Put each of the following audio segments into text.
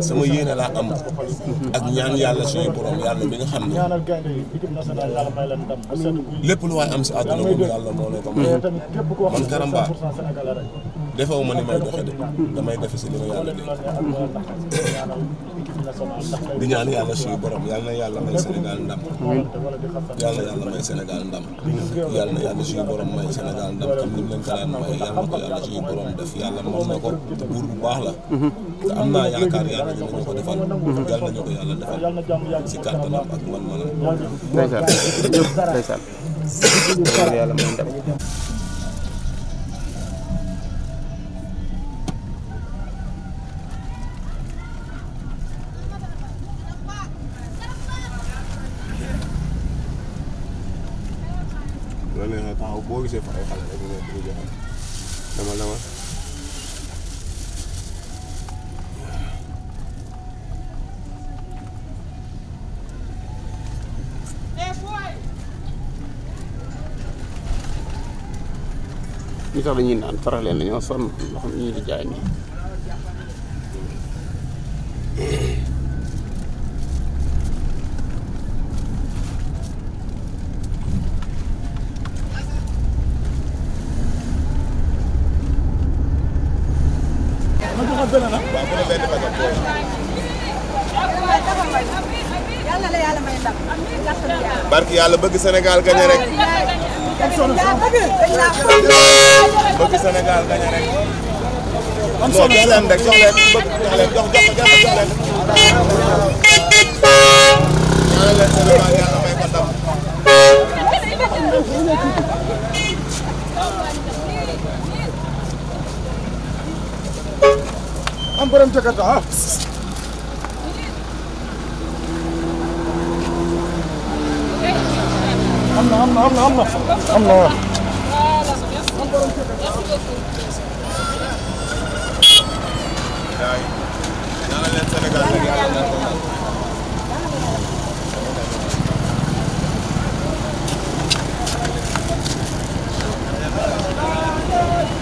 sama yéene laa am ak ñaan yàlla suñu borom yàlla bi nga xam ne lépp lu waay am si àdduna moom yàlla moo lay ko may man Karamba defewu ma ni may doxe de damay defe si li ma yàlla dégg di ñaan yàlla suñu borom yal na yàlla may Sénégal ndam. yal na yàlla may Sénégal ndam. yal na yàlla suñu borom may Sénégal ndam comme ni ko daan may yal na ko yàlla suñu borom def yàlla moom na ko buur bu baax la. te am naa yaakaar yàlla dinañu ko defal. yal nañu ko yàlla defal si kàttanam ak man-manam. ndeysaan ndeysaan yàlla may ndam. boo gisee fa ay ñu sax dañuy naan faral leen dañoo sonn loo xam ne jaay nii. waaw benn yàlla la yàlla bëgg Sénégal gañe rek. bëgg Sénégal gañe rek. borom Jakarta ah. am na am na am na am na am na waaw. Thank you.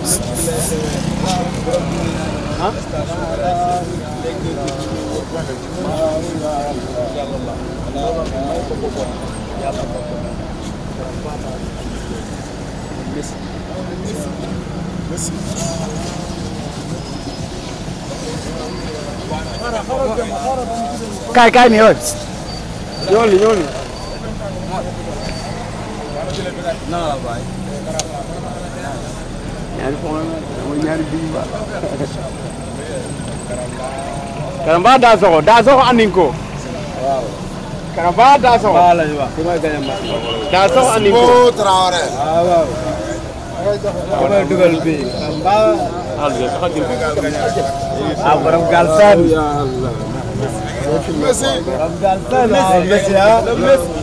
ah. kaay kaay nii rek. ñooñu ñooñu. ñaari soxna la mooy ñaari ba. Karamba daa soxo daa soxo andi ko. waaw. daa soxo. waaw la daa soxo andi ko. waaw waaw.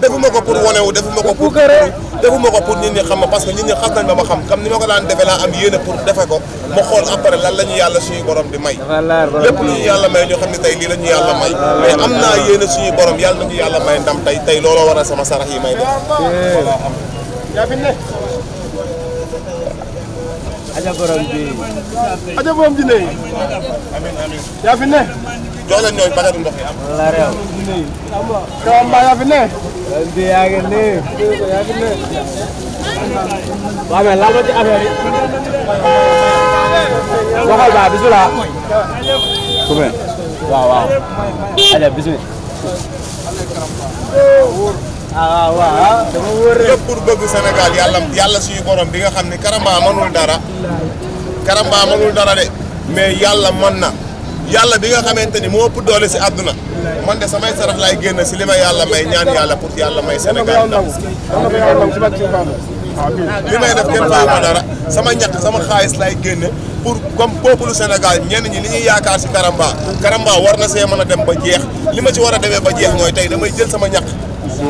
defuma ko pour wane wu defuma ko pour defuma ko pour nit ñi xam ma parce que nit ñi xam nañ ma ma xam comme ni ma ko daan defee laa am yéene pour defe ko ma xool après lan la ñu yàlla suñu borom di may lépp lu ñu yàlla may ñu xam ne tey lii la ñu yàlla may mais am naa yéene suñu borom yàlla nañu yàlla may ndam tey tey looloo waral sama sarax yi may def aja borom ji aja borom ji ne yaa fi ne doole ñooy bagadu ndox yi am. la réew. yàlla yàlla bi nga ne Karamba mënul dara. de. mais yàlla mën na. yàlla bi nga xamante ni moo ëpp doole si àdduna man de samay sarax laay génne si li ma yàlla may ñaan yàlla pour yàlla may Sénégal ndax li may def kenn faa dara sama ñaq sama xaalis lay génne pour comme peuple Sénégal ñenn ñi li ñuy yaakaar si Karamba Karamba war na see man a dem ba jeex li ma ci war a demee ba jeex mooy tey damay jël sama ñaq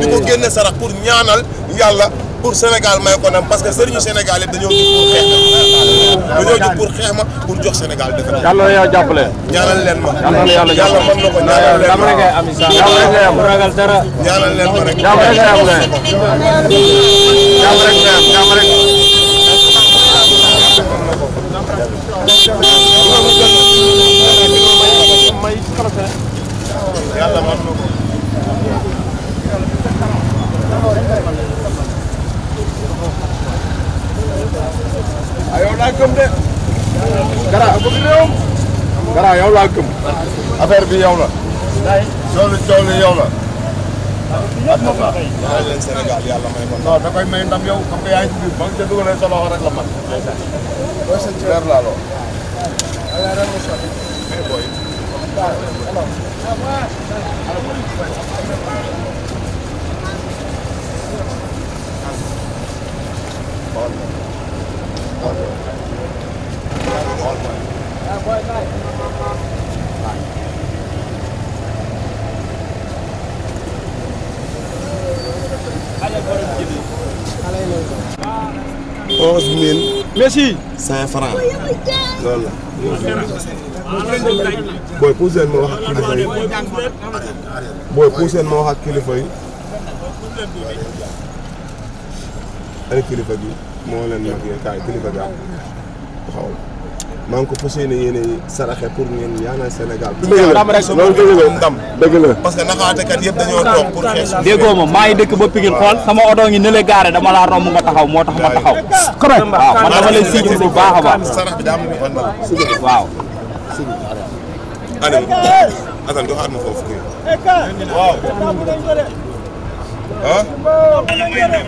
di ko génne sarax pour ñaanal yàlla pour Sénégal may ko nam parce que sëriñu Sénégal yëpp dañoo jug pour xeex ma dañoo jug pour xeex ma pour jox Sénégal def na. yàlla na yàlla jàppale. ñaanal leen ma. yàlla yàlla mën na ko ñaanal leen ma. ñaanal leen ma rek. ñaanal leen ma rek. gëm de. Gara Gara yow laa gëm. affaire bi yow la. soo lu soo lu yow la. waaw waaw waaw. yàlla leen Sénégal yàlla may ko. non da koy may ndam yow xam nga yaa ngi ci biir ba nga dugalee sa loxo rek la man. booy sa ci weer laa loo. Thank you. onze mille. merci. cinq francs. loolu la. booy puuseen ma wax ak kilifa yi. booy puuseen ma wax ak kilifa yi. ana kilifa gi moo leen mag yooyu kaay kilifa gi ak xaw maa ngi ko fas saraxe pour ngeen ñaanal Sénégal. dëgg la parce que naxaatekat yëpp dañoo toog pour xeex. déggoo ma maa ngi dëkk ba Pikine xool sama oto ngi ne la dama laa romb nga taxaw moo tax ma taxaw. correct waaw man dama lay siy bu baax a baax. sarax bi daa am waaw. Aliou Assane ah. ñaanal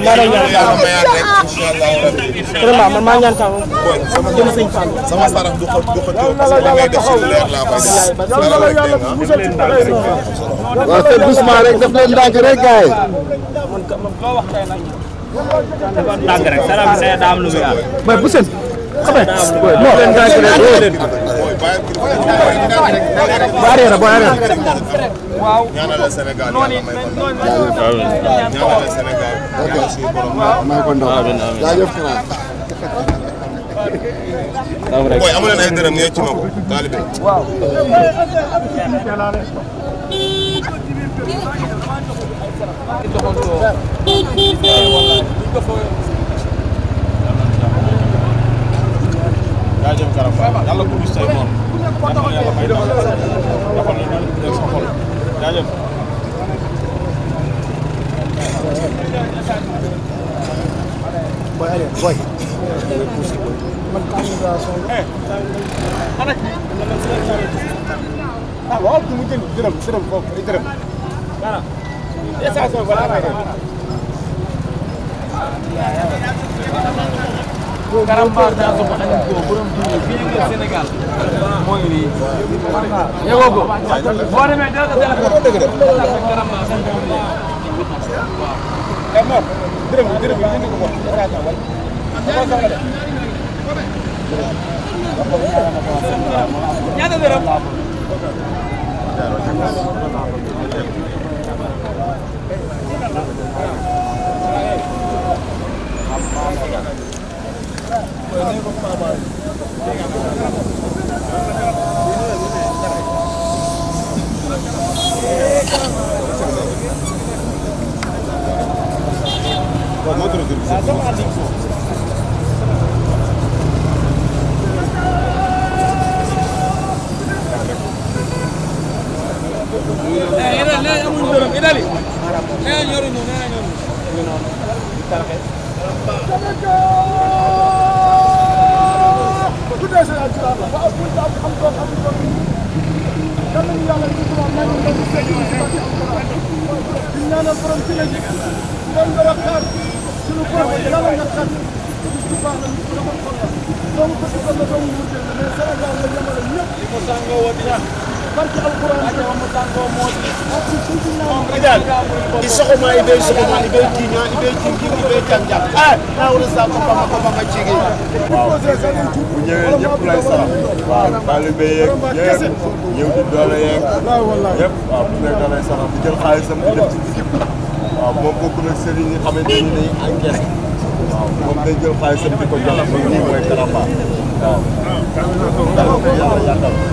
ñaanal yàlla mayaat rek incha allahu rabbi. vraiment man maa ñaan tàngoor. jëm sëñ Fall. sama sarax du ko du ko jóg parce que ngay def si leer laa koy def. yàlla rek day naan. waaw te doucement rek daf leen ndànk rek gars yi. ndànk rek dara bi day daa am lu muy am. mais bu sën. xam nga moo leen ndànk rek. boo arrêté boo arrêté. waaw ñaanal Sénégal yàlla may ko ndam ñaanal Sénégal yàlla suñu borom may ko ndam jaajëf France mooy jaajëf boy ah waaw mu jënd dërëm dërëm foofu ay dërëm voilà station voilà Karamba daa soog a añu koo borom jiw bi nga Sénégal mooy lii. yëgoo ko boo demee dina ko téléphone. Karamba sax ñu ngi waaw. dërëm dërëm yi ñu ko wax ñaata dërëm. taalibe yeeg yeeg ñëw di doole yeeg yëpp waaw ku nekk da lay saxal di jël xaalisam di def ci équipe bi waaw moom bokk na sëriñ yi xamante ni day encaisse waaw moom day jël xaalisam di ko jox ba nii mooy Karamba waaw daal ko yàlla yàggal waaw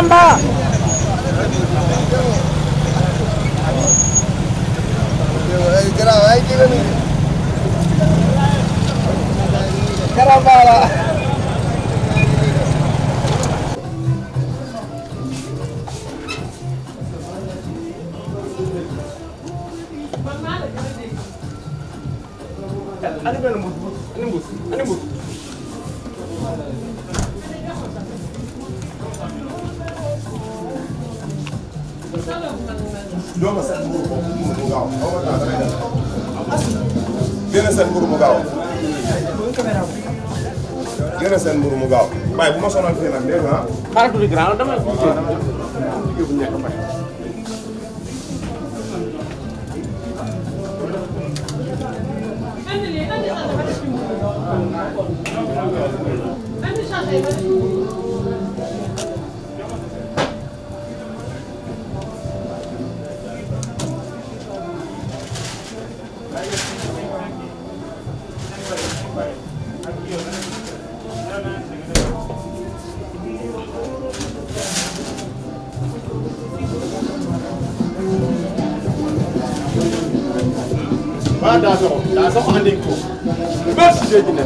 Bamba Karamba la xaaral tuuti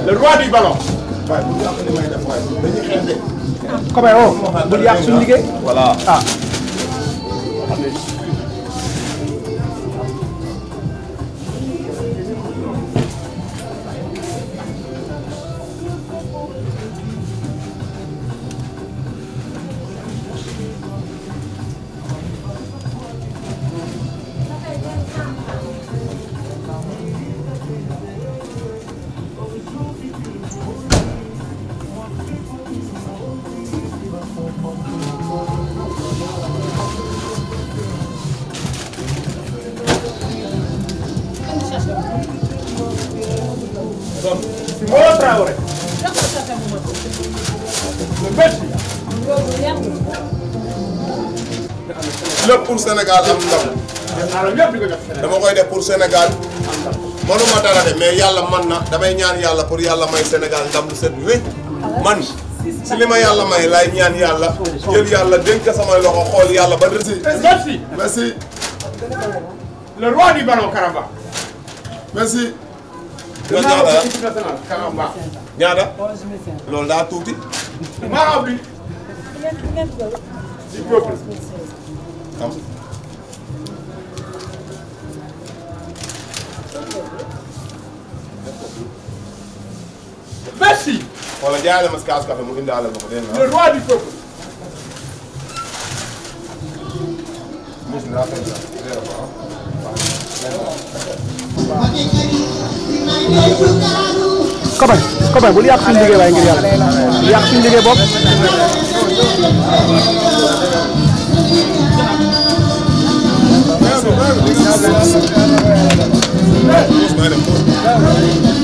le li may def waaye dañuy xeex de. comment yow bul Sénégal am ndam. dama koy def pour Sénégal. mënuma dara de mais yàlla man na damay ñaan yàlla pour yàlla may Sénégal ndam lu set wécc man si li ma yàlla may laay ñaan yàlla jël yàlla dénk samay loxo xool yàlla ba merci. merci merci. le roi du ballon Karamba. merci. loolu ñaata ñaata. loolu daa tuuti. merci. wala jaay la ma si kaasu café mu indaale ma ko dégg nga. le roi du peuple. kabay kabay bul yàq suñu liggéey waaye ngir yàlla yàq suñu liggéey bopp. Hey!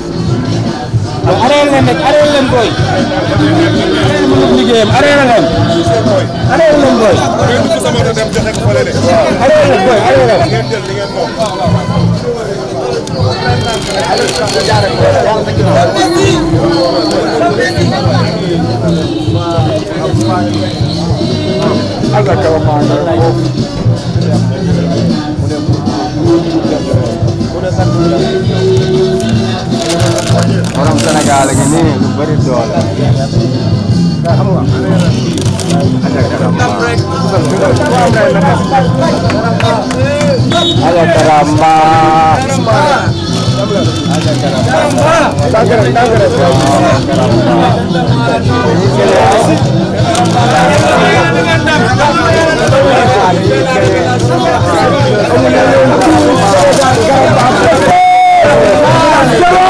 arrêté leen rek gaal gi nii lu bëri doole. Ada karamba. Ada karamba. Karamba. Karamba. Karamba.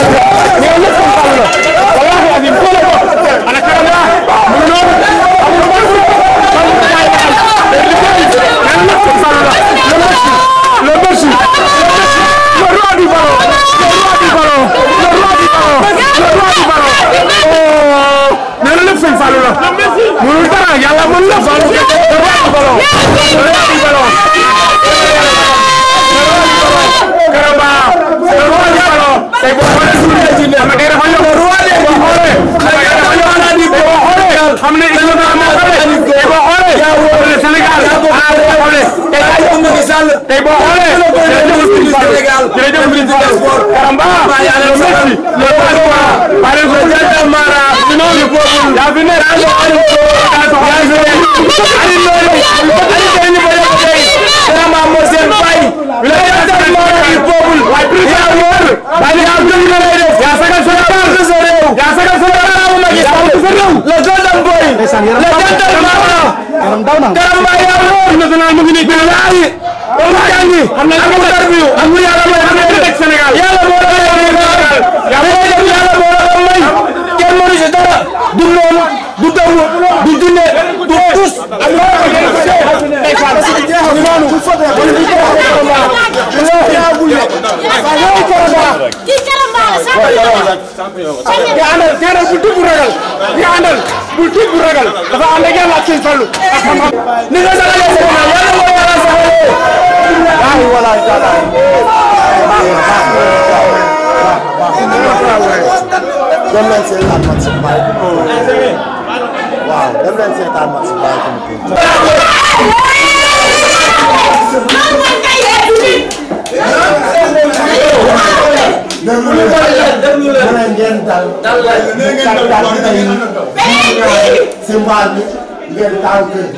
sëñ Fallou la mënul dara yàlla mën na Fallou xam ne wóoree Sénégal ah dama xoolee tey laaj am Macky Sall tey boo xoolee jërëjëf ministre Sénégal jërëjëf ministre des sports Karamba le Messi le Balboa par exemple Diatta Mara non le peuple yaa fi nekk yaa fi nekk Ali Ndoye Ali tey ñu bëri ko tey Karamba moo seen bàyyi le Diatta Mara le peuple waaye plus yaa wóor bàyyi yaa gën nga lay def yaa sagal Sénégal yaa sagal Sénégal Macky Sall le ndeysaan yaram daw na yaram ba yaram national mu ngi nii billahi wallahi jangi xam na ko tarbiyu ak mu yàlla mooy xam na tek Sénégal yàlla moo la Sénégal yàlla moo la may kenn mënu ci dara du loolu du daw du dine du tous ak mo ko ndeysaan ni noonu ku fa dara wallahi ya bu ya nga àndal teeral bul tibb ragal nga àndal bul tibb ragal dafa ànd ak yàlla ak sëñ Fallu ak xam-xam ni nga saxalee sa ginnaaw yàlla moo yàlla saxalee wallahi wallahi taala dem leen seetaan man si mbaay waaw dem leen seetaan man si mbaay comité déglu leen déglu leen ngeen dal. dal leen dal dal tey si mbaal bi ngeen taal kër gi.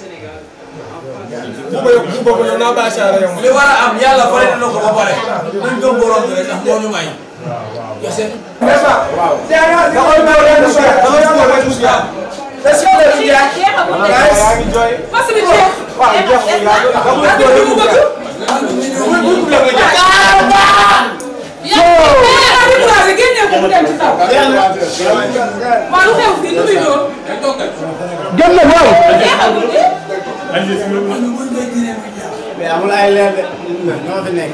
bu ko yokk bu ko naa bàyyi saa yow li war a am yàlla pare na ko ba pare nañ gëm borom bi rek ndax moo ñu may. waaw. Aziz mais amul ay leer de ñoo fi nekk.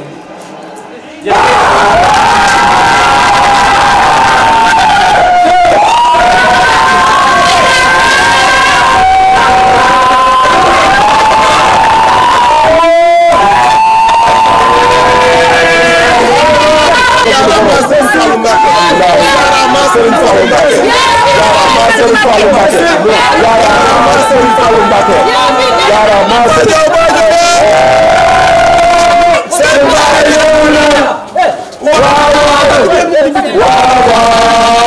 Allahumma Serigne Fallou Mbacké jaaraama Serigne Fallou Mbacké jaaraama Serigne Fallou Mbacké jaaraama Serigne Fallou Mbacké Serigne Fallou Mbacké waaw waaw waaw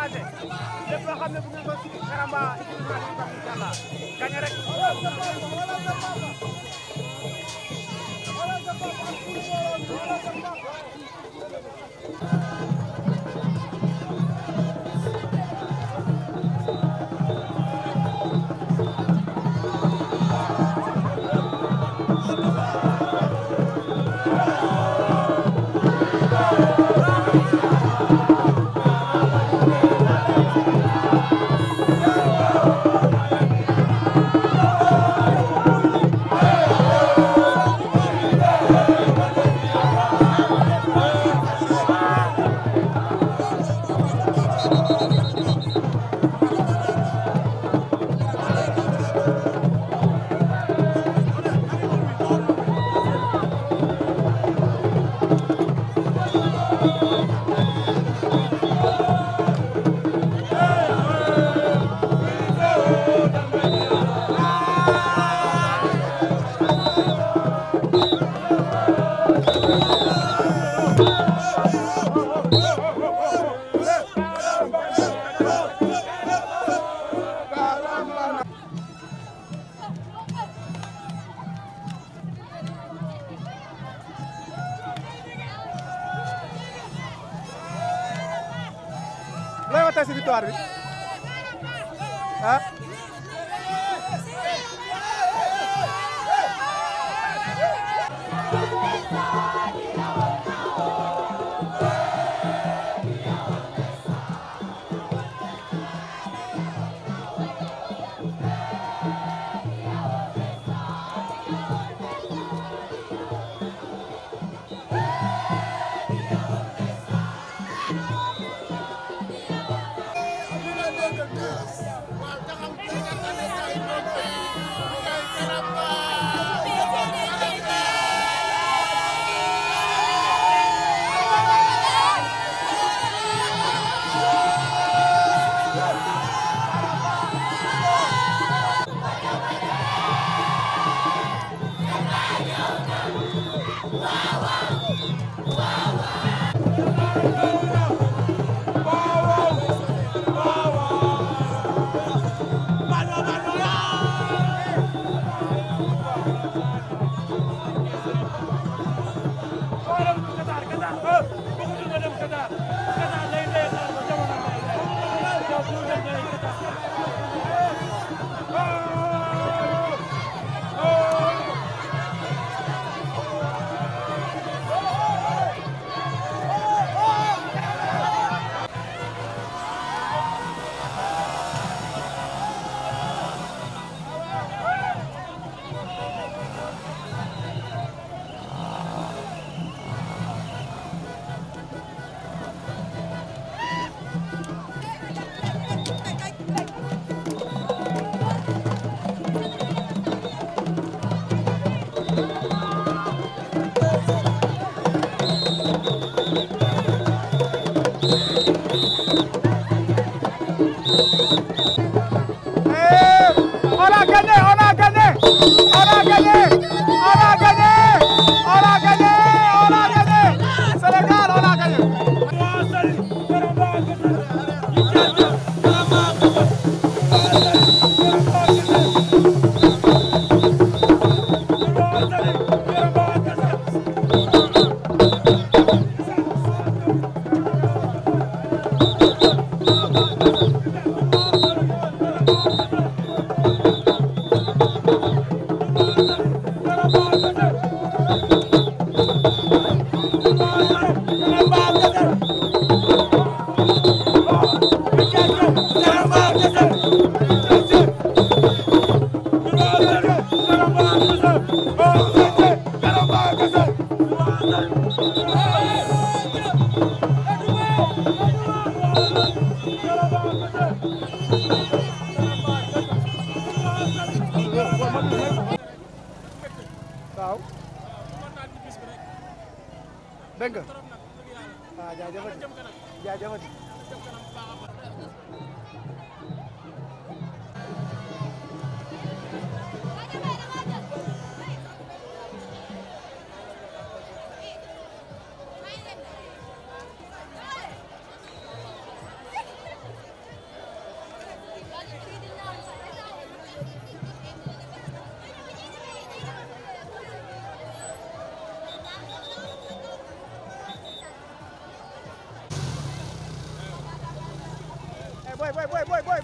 engagé lépp loo xam ne bu ngeen ko suñu Karamba équipement bi baax incha allah gañe rek. Thank you.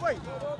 way